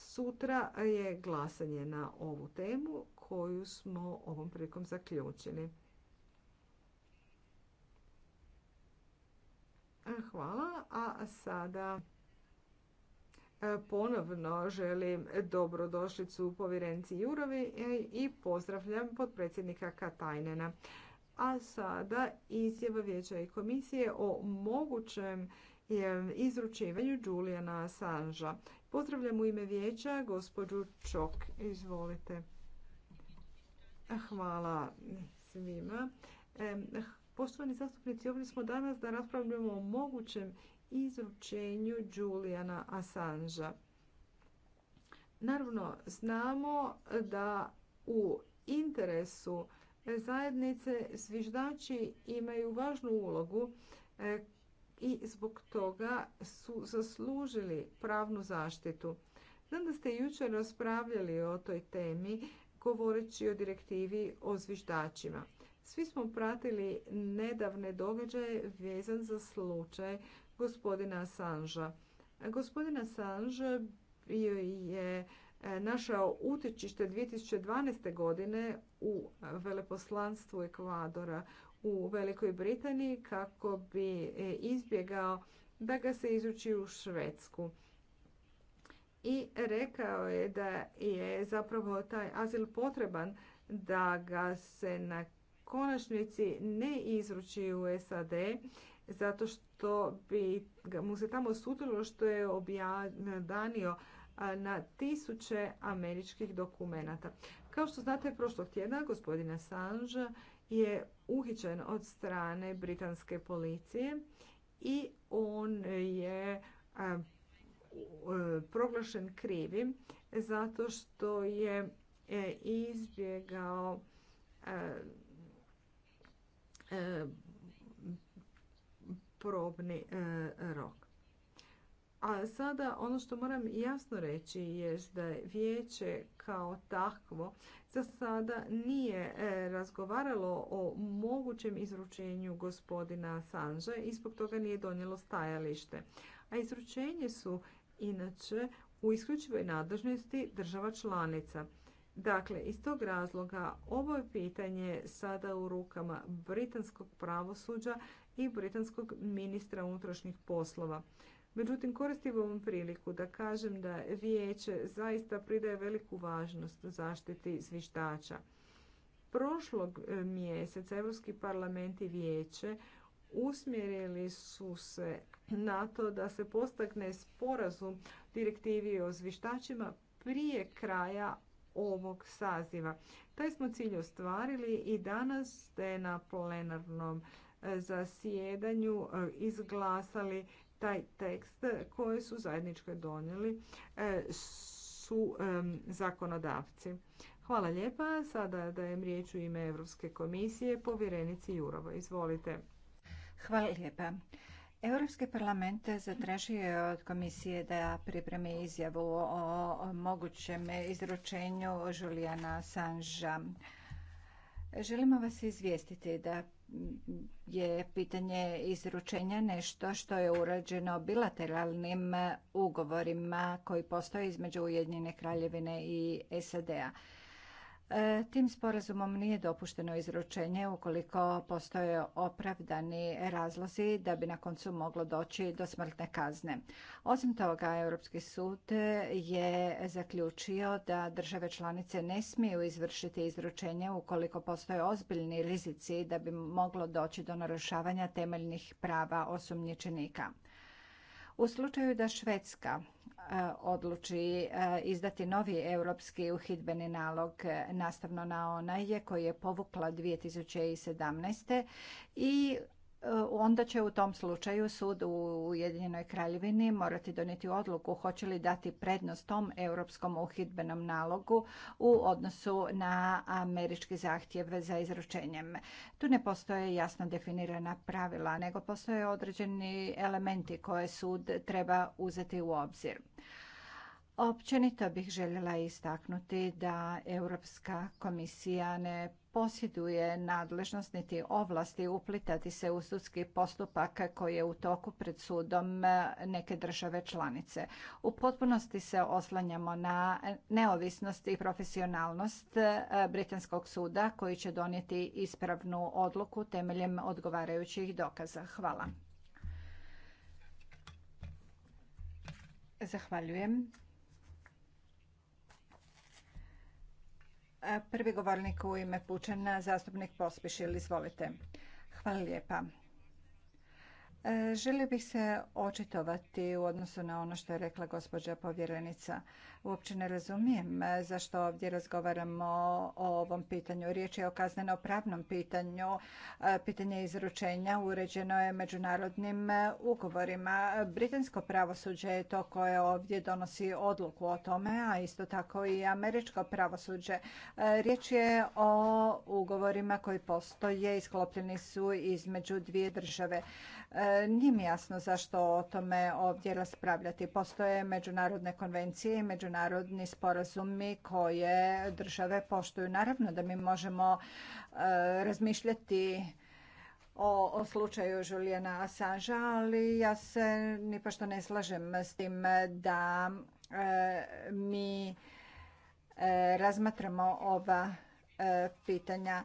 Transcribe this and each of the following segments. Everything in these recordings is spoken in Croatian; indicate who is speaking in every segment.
Speaker 1: Sutra je glasanje na ovu temu koju smo ovom prilikom zaključili. E, hvala, a sada e, ponovno želim dobrodošlicu povjerenci Jurovi e, i pozdravljam potpredsjednika Katajnena. A sada izjava vijeća i komisije o mogućem izručivanju Julijana Sanža. Pozdravljam u ime vijeća gospođu Čok. Izvolite. Hvala svima. Poštovani zastupnici, ovdje smo danas da raspravljamo o mogućem izručenju Julijana Asanža. Naravno, znamo da u interesu zajednice zviždači imaju važnu ulogu i zbog toga su zaslužili pravnu zaštitu. Znam da ste jučer raspravljali o toj temi govoreći o direktivi o zviždačima. Svi smo pratili nedavne događaje vezan za slučaj gospodina Sanža. Gospodin Sanž bio je e, našao utječište 2012. godine u veleposlanstvu Ekvadora u Velikoj Britaniji kako bi e, izbjegao da ga se izuči u Švedsku. I rekao je da je zapravo taj azil potreban da ga se na konačnici ne izruči u SAD zato što bi mu se tamo sudilo što je objadanio na tisuće američkih dokumenata. Kao što znate, prošlog tjedna gospodina Sanža je uhićen od strane britanske policije i on je e, proglašen krivim zato što je e, izbjegao e, probni rok. A sada ono što moram jasno reći je da je vijeće kao takvo za sada nije e, razgovaralo o mogućem izručenju gospodina Sanže i zbog toga nije donijelo stajalište. A izručenje su inače u isključivoj nadležnosti država članica. Dakle, iz tog razloga ovo je pitanje sada u rukama britanskog pravosuđa i britanskog ministra unutrašnjih poslova. Međutim, koristim ovom priliku da kažem da vijeće zaista pridaje veliku važnost zaštiti zviždača. Prošlog e, mjeseca Europski parlament i vijeće usmjerili su se na to da se postakne sporazum direktivi o zvištačima prije kraja ovog saziva. Taj smo cilj ostvarili i danas ste na plenarnom e, zasjedanju e, izglasali taj tekst koji su zajedničko donijeli e, su zakonodavci. Hvala lijepa. Sada dajem riječ u
Speaker 2: ime Europske komisije povjerenici Jurova. Izvolite. Hvala lijepa. Europski parlament zatražio je od komisije da pripremi izjavu o mogućem izručenju Julijana Sanža. Želimo vas izvijestiti da je pitanje izručenja nešto što je urađeno bilateralnim ugovorima koji postoje između Ujedinjene kraljevine i SAD-a. E, tim sporazumom nije dopušteno izručenje ukoliko postoje opravdani razlozi da bi na koncu moglo doći do smrtne kazne. Osim toga, Europski sud je zaključio da države članice ne smiju izvršiti izručenje ukoliko postoje ozbiljni rizici da bi moglo doći do narušavanja temeljnih prava osumnjičenika. U slučaju da Švedska e, odluči e, izdati novi europski uhidbeni nalog e, nastavno na onaj koji je povukla 2017. i onda će u tom slučaju sud u Ujedinjenoj kraljevini morati donijeti odluku hoće li dati prednost tom europskom uhidbenom nalogu u odnosu na američki zahtjev za izručenjem. Tu ne postoje jasno definirana pravila, nego postoje određeni elementi koje sud treba uzeti u obzir. Općenito bih željela istaknuti da Europska komisija ne posjeduje nadležnost niti ovlasti uplitati se u sudski postupak koji je u toku pred sudom neke države članice. U potpunosti se oslanjamo na neovisnost i profesionalnost e, Britanskog suda koji će donijeti ispravnu odluku temeljem odgovarajućih dokaza. Hvala. Zahvaljujem. Prvi govornik u ime Pučana, zastupnik Pospišil, izvolite. Hvala lijepa. E, želio bih se očitovati u odnosu na ono što je rekla gospođa povjerenica. Uopće ne razumijem e, zašto ovdje razgovaramo o ovom pitanju. Riječ je o kazneno-pravnom pitanju. E, pitanje izručenja uređeno je međunarodnim ugovorima. Britansko pravosuđe je to koje ovdje donosi odluku o tome, a isto tako i američko pravosuđe. Riječ je o ugovorima koji postoje i sklopljeni su između dvije države nije mi jasno zašto o tome ovdje raspravljati. Postoje međunarodne konvencije i međunarodni sporazumi koje države poštuju. Naravno da mi možemo e, razmišljati o, slučaju Julijana Assange, ali ja se nipošto ne slažem s tim da e, mi e, razmatramo ova pitanja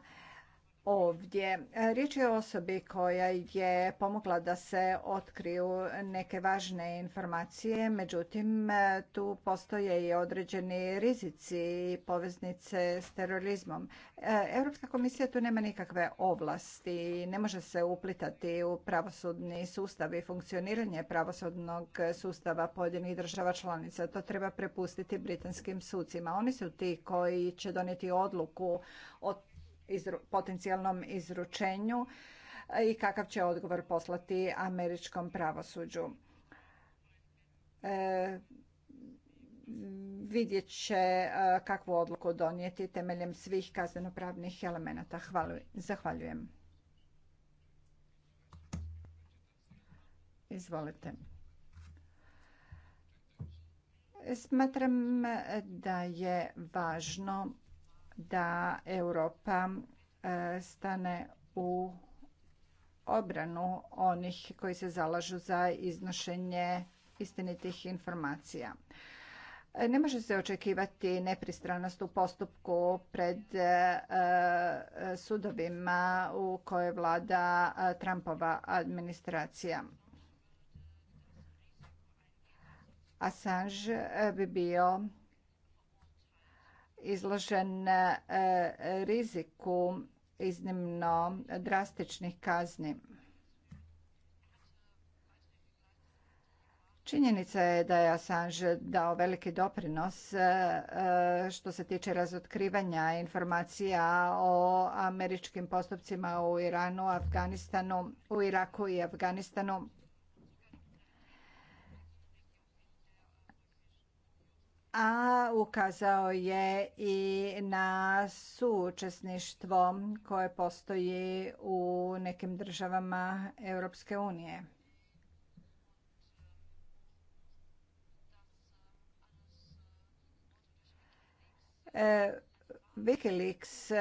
Speaker 2: ovdje. E, riječ je o osobi koja je pomogla da se otkriju neke važne informacije, međutim e, tu postoje i određeni rizici i poveznice s terorizmom. E, Europska komisija tu nema nikakve ovlasti i ne može se uplitati u pravosudni sustav i funkcioniranje pravosudnog sustava pojedinih država članica. To treba prepustiti britanskim sucima. Oni su ti koji će donijeti odluku o potencijalnom izručenju eh, i kakav će odgovor poslati američkom pravosuđu. E, vidjet će eh, kakvu odluku donijeti temeljem svih kaznenopravnih elemenata. Hvala, zahvaljujem. Izvolite. Smatram da je važno da Europa e, stane u obranu onih koji se zalažu za iznošenje istinitih informacija. E, ne može se očekivati nepristranost u postupku pred e, sudovima u koje vlada Trumpova administracija. Assange bi bio izložen eh, riziku iznimno drastičnih kazni. Činjenica je da je Assange dao veliki doprinos eh, eh, što se tiče razotkrivanja informacija o američkim postupcima u Iranu, Afganistanu, u Iraku i Afganistanu a ukazao je i na suučesništvo koje postoji u nekim državama Europske unije. E, Wikileaks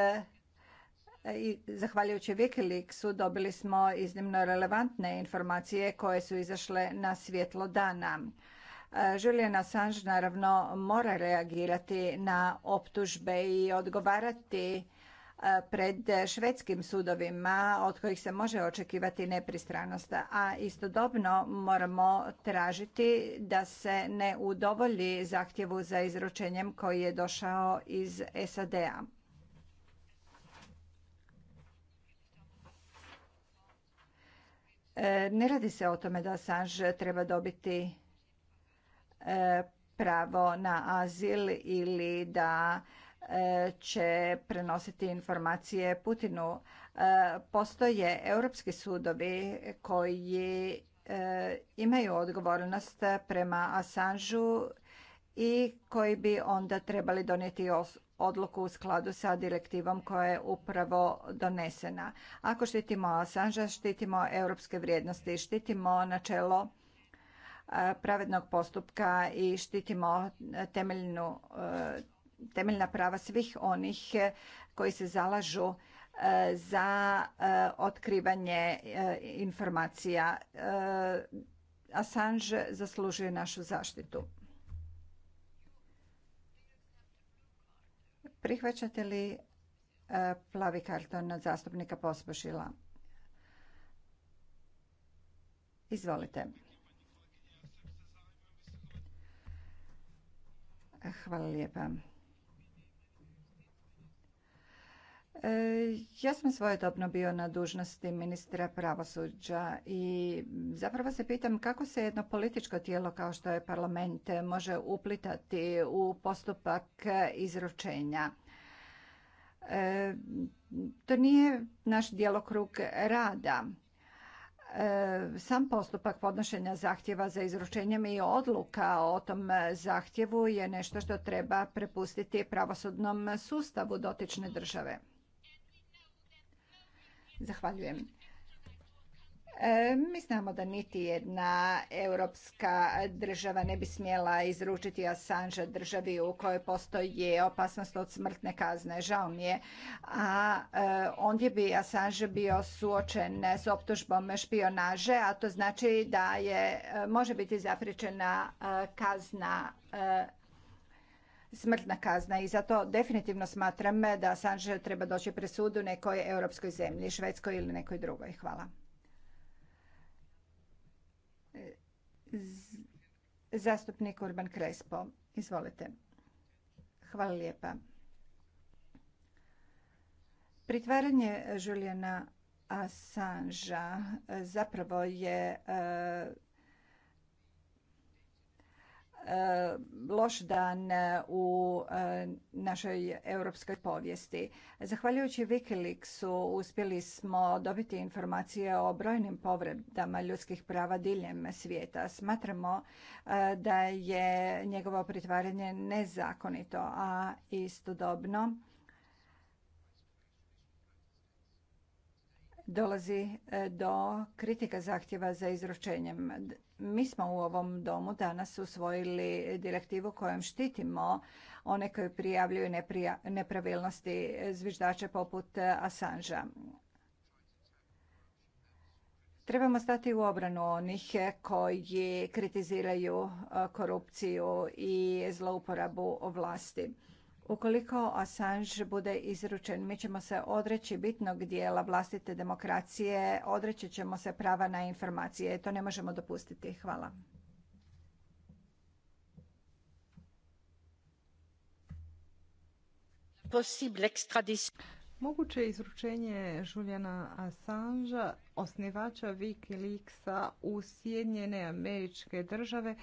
Speaker 2: zahvaljujući Wikileaksu dobili smo iznimno relevantne informacije koje su izašle na svjetlo dana. E, Julian Assange naravno mora reagirati na optužbe i odgovarati e, pred švedskim sudovima od kojih se može očekivati nepristranost, a istodobno moramo tražiti da se ne udovolji zahtjevu za izručenjem koji je došao iz SAD-a. E, ne radi se o tome da Assange treba dobiti E, pravo na azil ili da e, će prenositi informacije Putinu. E, postoje europski sudovi koji imaju odgovornost prema Assangeu i koji bi onda trebali donijeti odluku u skladu sa direktivom koja je upravo donesena. Ako štitimo Assangea, štitimo europske vrijednosti, štitimo načelo pravednog postupka i štitimo temeljnu, temeljna prava svih onih koji se zalažu za otkrivanje informacija. Assange zaslužuje našu zaštitu. Prihvaćate li plavi karton od zastupnika Pospošila? Izvolite. Hvala lijepa. E, ja sam svojedobno bio na dužnosti ministra pravosuđa i zapravo se pitam kako se jedno političko tijelo kao što je parlament može uplitati u postupak izručenja. E, to nije naš djelokrug rada E, sam postupak podnošenja zahtjeva za izručenjem i odluka o tom zahtjevu je nešto što treba prepustiti pravosudnom sustavu dotične države. Zahvaljujem. E, mi znamo da niti jedna europska država ne bi smjela izručiti Assange državi u kojoj postoji opasnost od smrtne kazne. Žao mi je. A e, ondje bi Assange bio suočen s optužbom špionaže, a to znači da je, e, može biti zapriječena kazna smrtna kazna i zato definitivno smatram da Assange treba doći presudu nekoj europskoj zemlji, Švedskoj ili nekoj drugoj. Hvala. Zastupnik Urban Krespo, izvolite. Hvala lijepa. Pritvaranje Julijana Assangea zapravo je e, Eh, loš dan eh, u eh, našoj europskoj povijesti. Zahvaljujući Wikileaksu uspjeli smo dobiti informacije o brojnim povredama ljudskih prava diljem svijeta. Smatramo da je njegovo pritvaranje nezakonito, a istodobno dolazi e, do kritika zahtjeva za izručenjem. Mi smo u ovom domu danas usvojili direktivu kojom štitimo one koji prijavljuju nepravilnosti zviždače poput Asanža. Trebamo stati u obranu onih koji kritiziraju e, korupciju i zlouporabu vlasti. Ukoliko Assange bude izručen, mi ćemo se odreći bitnog dijela vlastite demokracije, odreći ćemo se prava na informacije. To ne možemo dopustiti. Hvala. Moguće
Speaker 1: izručenje Juliana Assangea, osnivača Wikileaksa u Sjedinjene američke države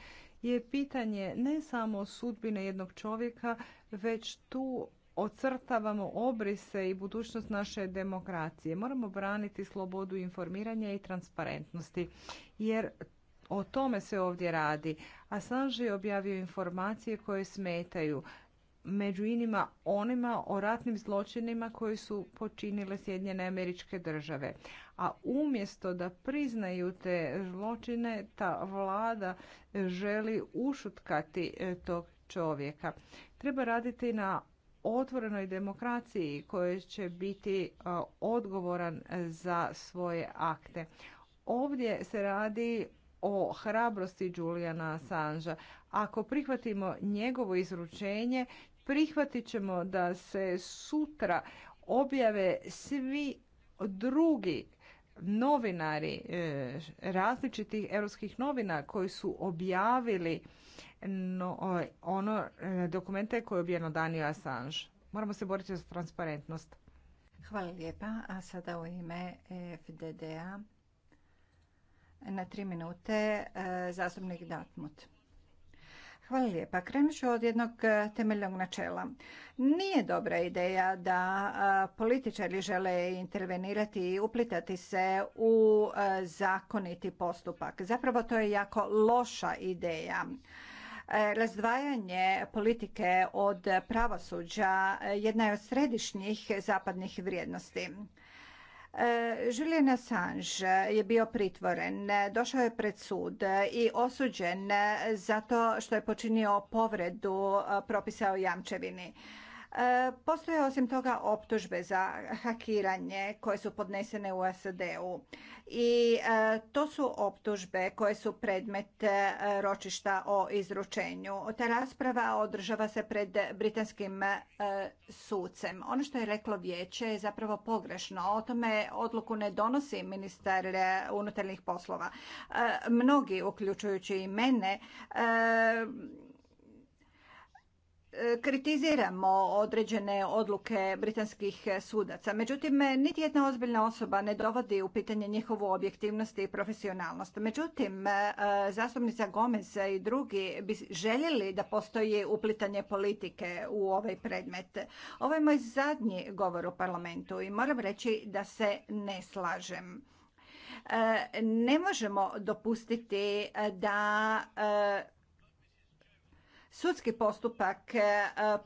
Speaker 1: je pitanje ne samo sudbine jednog čovjeka, već tu ocrtavamo obrise i budućnost naše demokracije. Moramo braniti slobodu informiranja i transparentnosti, jer o tome se ovdje radi. Assange je objavio informacije koje smetaju među inima onima o ratnim zločinima koji su počinile Sjedinjene američke države. A umjesto da priznaju te zločine, ta vlada želi ušutkati e, tog čovjeka. Treba raditi na otvorenoj demokraciji koja će biti e, odgovoran za svoje akte. Ovdje se radi o hrabrosti Juliana Assangea. Ako prihvatimo njegovo izručenje, prihvatit ćemo da se sutra objave svi drugi novinari e, različitih europskih novina koji su objavili ono e, dokumente koje je objavljeno Daniel Assange. Moramo se boriti za transparentnost.
Speaker 2: Hvala lijepa. A sada u ime fdd na tri minute e, zastupnik Datmut. Hvala lijepa. Krenut ću od jednog e, temeljnog načela. Nije dobra ideja da političari žele intervenirati i uplitati se u e, zakoniti postupak. Zapravo to je jako loša ideja. E, razdvajanje politike od pravosuđa jedna je od središnjih zapadnih vrijednosti. E, Julian Assange je bio pritvoren, došao je pred sud i osuđen zato što je počinio povredu e, propisa o jamčevini. E, postoje osim toga optužbe za hakiranje koje su podnesene u SAD-u i e, to su optužbe koje su predmet e, ročišta o izručenju. Ta rasprava održava se pred britanskim sucem. Ono što je reklo vijeće je zapravo pogrešno. O tome odluku ne donosi ministar unutarnjih poslova. Mnogi, uključujući i mene, kritiziramo određene odluke britanskih sudaca. Međutim, niti jedna ozbiljna osoba ne dovodi u pitanje njihovu objektivnost i profesionalnost. Međutim, e, zastupnica Gomez i drugi bi željeli da postoji uplitanje politike u ovaj predmet. Ovo je moj zadnji govor u parlamentu i moram reći da se ne slažem. E, ne možemo dopustiti da e, Sudski postupak e,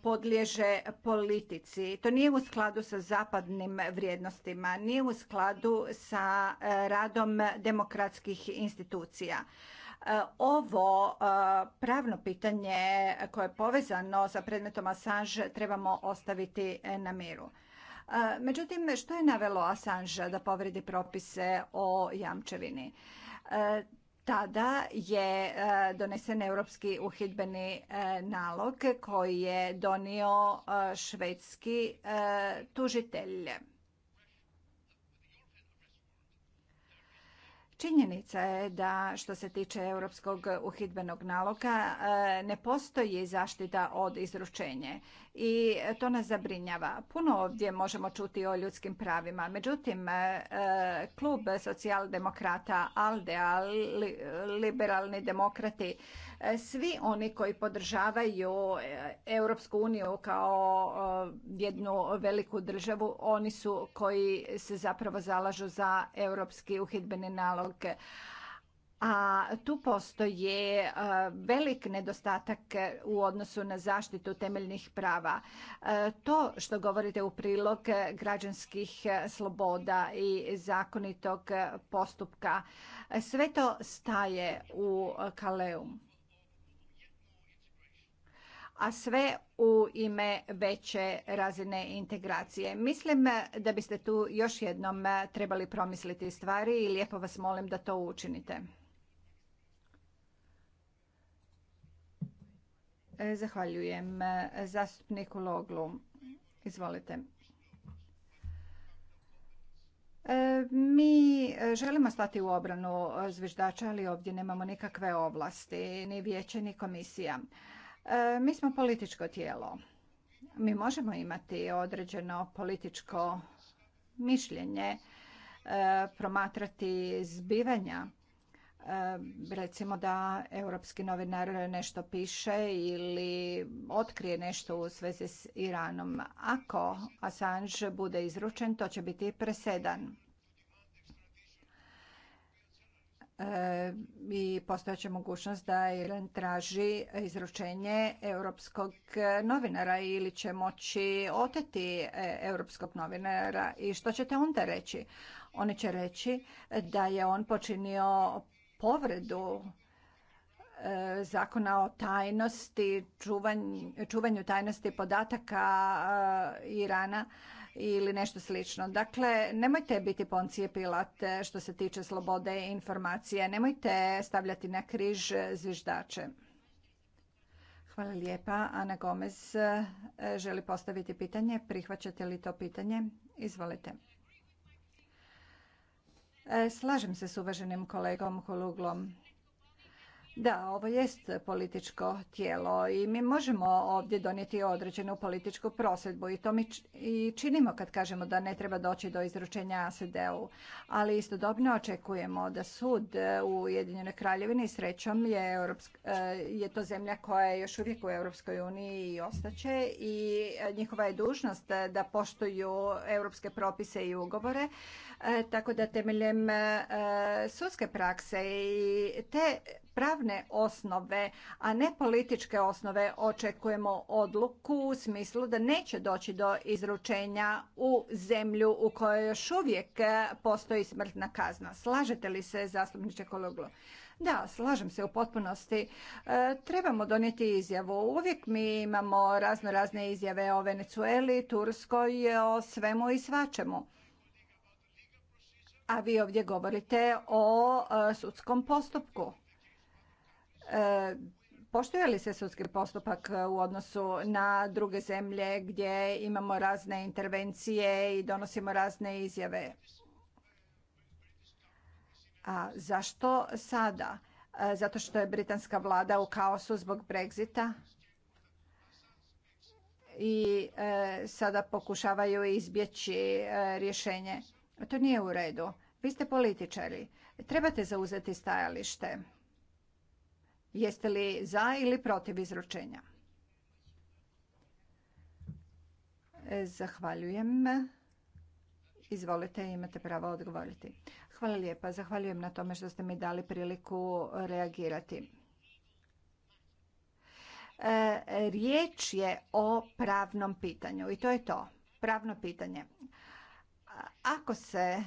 Speaker 2: podliježe politici. To nije u skladu sa zapadnim vrijednostima, nije u skladu sa e, radom demokratskih institucija. E, ovo pravno pitanje koje je povezano sa predmetom Assange trebamo ostaviti na miru. Međutim, što je navelo Asanža da povredi propise o jamčevini? Tada je e, donesen europski uhidbeni e, nalog koji je donio e, švedski tužitelj. Činjenica je da što se tiče europskog uhidbenog naloga ne postoji zaštita od izručenje i to nas zabrinjava. Puno ovdje možemo čuti o ljudskim pravima. Međutim, e, klub socijaldemokrata, alde liberalni demokrati, e, svi oni koji podržavaju e, Europsku uniju kao jednu veliku državu, oni su koji se zapravo zalažu za europski uhidbeni nalog a tu postoje velik nedostatak u odnosu na zaštitu temeljnih prava. To što govorite u prilog građanskih sloboda i zakonitog postupka, sve to staje u Kaleum, A sve u ime veće razine integracije. Mislim da biste tu još jednom trebali promisliti stvari i lijepo vas molim da to učinite. E, zahvaljujem e, zastupniku Loglu. Izvolite. E, mi želimo stati u obranu zviždača, ali ovdje nemamo nikakve ovlasti, ni vijeće, ni komisija. Mi smo političko tijelo. Mi možemo imati određeno političko mišljenje, promatrati zbivanja E, recimo da europski novinar nešto piše ili otkrije nešto u svezi s Iranom. Ako Assange bude izručen, to će biti presedan. E, I postojeće mogućnost da Iran traži izručenje europskog novinara ili će moći oteti e, europskog novinara. I što ćete onda reći? Oni će reći da je on počinio povredu e, zakona o tajnosti, čuvanju, tajnosti podataka e, Irana ili nešto slično. Dakle, nemojte biti poncije pilate što se tiče slobode informacije. Nemojte stavljati na križ zviždače. Hvala lijepa. Ana Gomez e, želi postaviti pitanje. Prihvaćate li to pitanje? Izvolite. E, slažem se s uvaženim kolegom Holuglom. Da, ovo jest političko tijelo i mi možemo ovdje donijeti određenu političku prosjedbu i to mi i činimo kad kažemo da ne treba doći do izručenja asd u ali istodobno očekujemo da sud e, u Ujedinjenoj Kraljevini srećom je, e, je to zemlja koja je još uvijek u Europskoj uniji i ostaće i e, njihova je dužnost da poštuju europske propise i ugovore, tako da temeljem sudske prakse i te pravne osnove, a ne političke osnove očekujemo odluku u smislu da neće doći do izručenja u zemlju u kojoj još uvijek e, postoji smrtna kazna. Slažete li se, zastupniče Kologlo? Da, slažem se u potpunosti. E, trebamo donijeti izjavu. Uvijek mi imamo razno razne izjave o Venecueli, Turskoj, o svemu i svačemu. A vi ovdje govorite o e, sudskom postupku. E, Poštuje li se sudski postupak e, u odnosu na druge zemlje gdje imamo razne intervencije i donosimo razne izjave? A zašto sada? E, zato što je britanska vlada u kaosu zbog Brexita i sada pokušavaju izbjeći rješenje. To nije u redu. Vi ste političari. Trebate zauzeti stajalište. Jeste li za ili protiv izručenja? E, zahvaljujem. Izvolite, imate pravo odgovoriti. Hvala lijepa. Zahvaljujem na tome što ste mi dali priliku reagirati. E, riječ je o pravnom pitanju i to je to, pravno pitanje. Ako se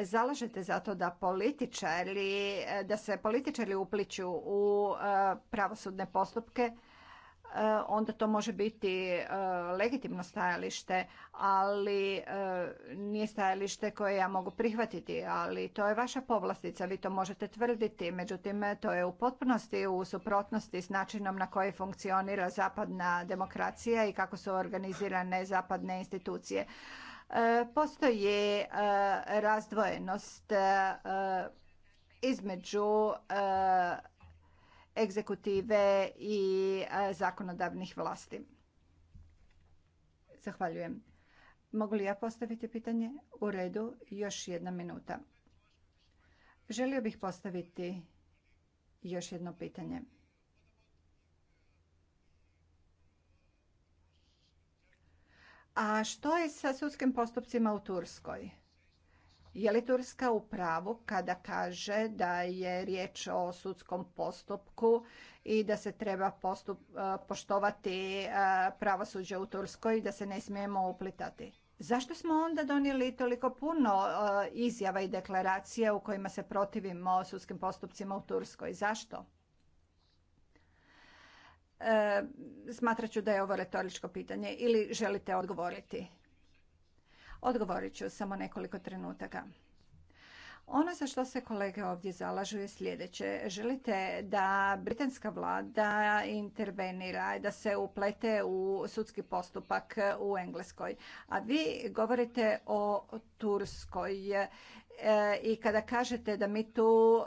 Speaker 2: zalažete za to da političari, da se političari upliću u e, pravosudne postupke, e, onda to može biti e, legitimno stajalište, ali nije stajalište koje ja mogu prihvatiti, ali to je vaša povlastica, vi to možete tvrditi, međutim to je u potpunosti u suprotnosti s načinom na koji funkcionira zapadna demokracija i kako su organizirane zapadne institucije. Postoji e, razdvojenost e, između e, egzekutive i zakonodavnih vlasti. Zahvaljujem. Mogu li ja postaviti pitanje? U redu, još jedna minuta. Želio bih postaviti još jedno pitanje. A što je sa sudskim postupcima u Turskoj? Je li Turska u pravu kada kaže da je riječ o sudskom postupku i da se treba postup, e, poštovati e, pravosuđe u Turskoj i da se ne smijemo uplitati? Zašto smo onda donijeli toliko puno e, izjava i deklaracija u kojima se protivimo sudskim postupcima u Turskoj? Zašto? E, smatrat ću da je ovo retoričko pitanje ili želite odgovoriti? Odgovorit ću samo nekoliko trenutaka. Ono za što se kolege ovdje zalažu je sljedeće. Želite da britanska vlada intervenira, i da se uplete u sudski postupak u Engleskoj. A vi govorite o Turskoj E, i kada kažete da mi tu e,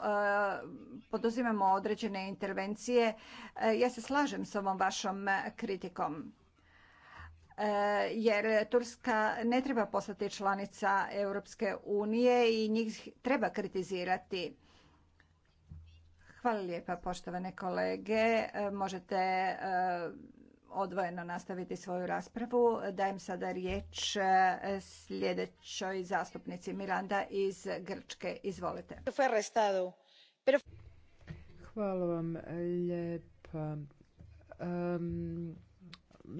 Speaker 2: poduzimamo određene intervencije, e, ja se slažem s ovom vašom kritikom. Jer Turska ne treba postati članica Europske unije i njih treba kritizirati. Hvala lijepa poštovane kolege. Možete odvojeno nastaviti svoju raspravu. Dajem sada riječ e, sljedećoj zastupnici Miranda iz Grčke. Izvolite.
Speaker 3: Hvala vam lijepa. Um...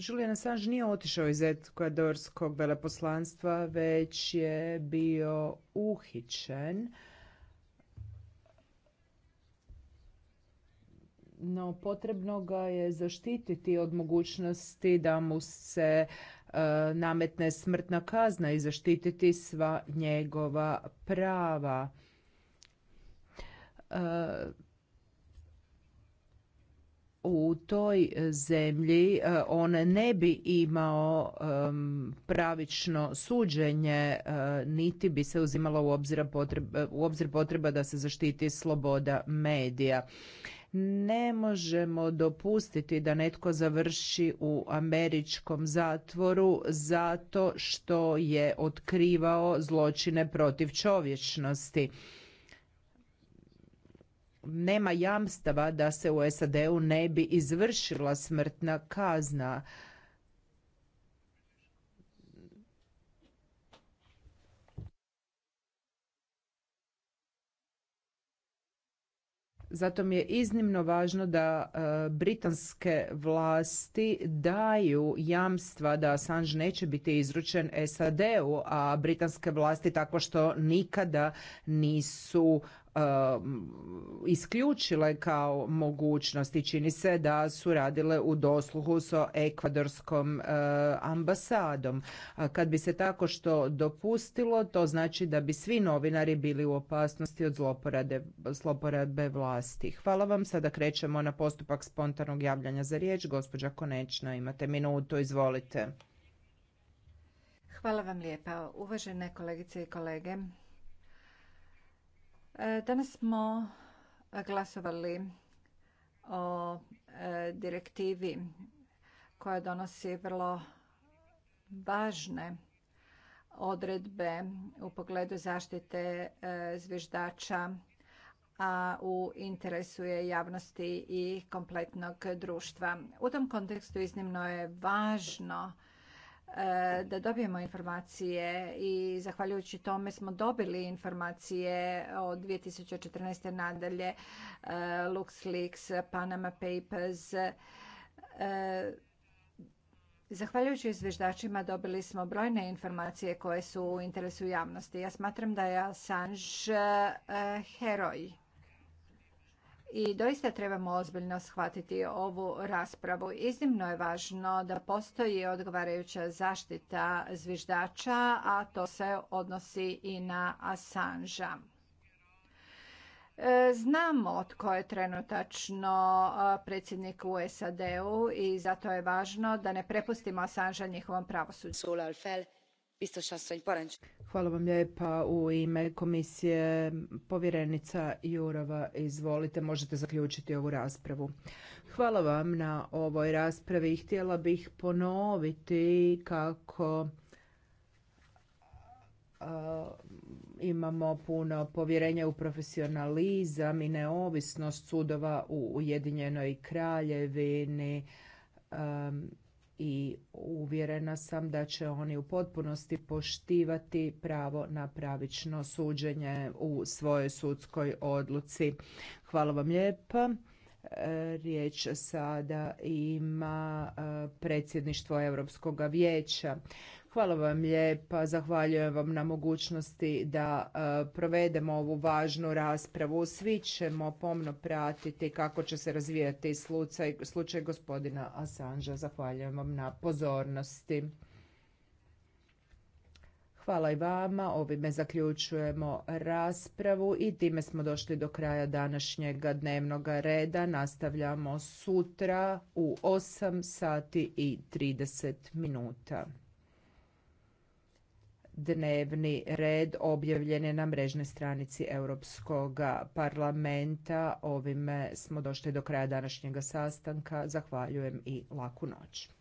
Speaker 3: Julian Assange nije otišao iz ekvadorskog veleposlanstva, već je bio uhićen no potrebno ga je zaštititi od mogućnosti da mu se e, nametne smrtna kazna i zaštititi sva njegova prava. E, u toj zemlji e, on ne bi imao pravično suđenje, niti bi se uzimala u obzir potreba da se zaštiti sloboda medija. Ne možemo dopustiti da netko završi u američkom zatvoru zato što je otkrivao zločine protiv čovječnosti nema jamstava da se u SAD-u ne bi izvršila smrtna kazna. Zato mi je iznimno važno da e, britanske vlasti daju jamstva da Assange neće biti izručen SAD-u, a britanske vlasti tako što nikada nisu Um, isključile kao mogućnost i čini se da su radile u dosluhu sa ekvadorskom uh, ambasadom. Kad bi se tako što dopustilo, to znači da bi svi novinari bili u opasnosti od zloporade, zloporabe vlasti. Hvala vam. Sada krećemo na postupak spontanog javljanja za riječ. Gospođa Konečna, imate minutu, izvolite.
Speaker 2: Hvala vam lijepa. Uvažene kolegice i kolege, Danas smo glasovali o e, direktivi koja donosi vrlo važne odredbe u pogledu zaštite e, zviždača, a u interesu je javnosti i kompletnog društva. U tom kontekstu iznimno je važno E, da dobijemo informacije i zahvaljujući tome smo dobili informacije od 2014. nadalje e, LuxLeaks, Panama Papers. E, zahvaljujući izveždačima dobili smo brojne informacije koje su u interesu javnosti. Ja smatram da je Assange heroj i doista trebamo ozbiljno shvatiti ovu raspravu. Iznimno je važno da postoji odgovarajuća zaštita zviždača, a to se odnosi i na Assangea. E, znamo tko je trenutačno predsjednik u SAD-u i zato je važno da ne prepustimo Assangea njihovom pravosuđu.
Speaker 3: Hvala vam lijepa. U ime komisije povjerenica Jurova, izvolite, možete zaključiti ovu raspravu. Hvala vam na ovoj raspravi. Htjela bih ponoviti kako imamo puno povjerenja u profesionalizam i neovisnost sudova u Ujedinjenoj kraljevini i uvjerena sam da će oni u potpunosti poštivati pravo na pravično suđenje u svojoj sudskoj odluci. Hvala vam lijepa. E, riječ sada ima e, predsjedništvo Europskog vijeća. Hvala vam lijepa, zahvaljujem vam na mogućnosti da e, provedemo ovu važnu raspravu. Svi ćemo pomno pratiti kako će se razvijati slučaj, gospodina Asanža. Zahvaljujem vam na pozornosti. Hvala i vama. Ovime zaključujemo raspravu i time smo došli do kraja današnjeg dnevnog reda. Nastavljamo sutra u 8 sati i 30 minuta dnevni red objavljen je na mrežnoj stranici Europskog parlamenta. Ovime smo došli do kraja današnjega sastanka. Zahvaljujem i laku noć.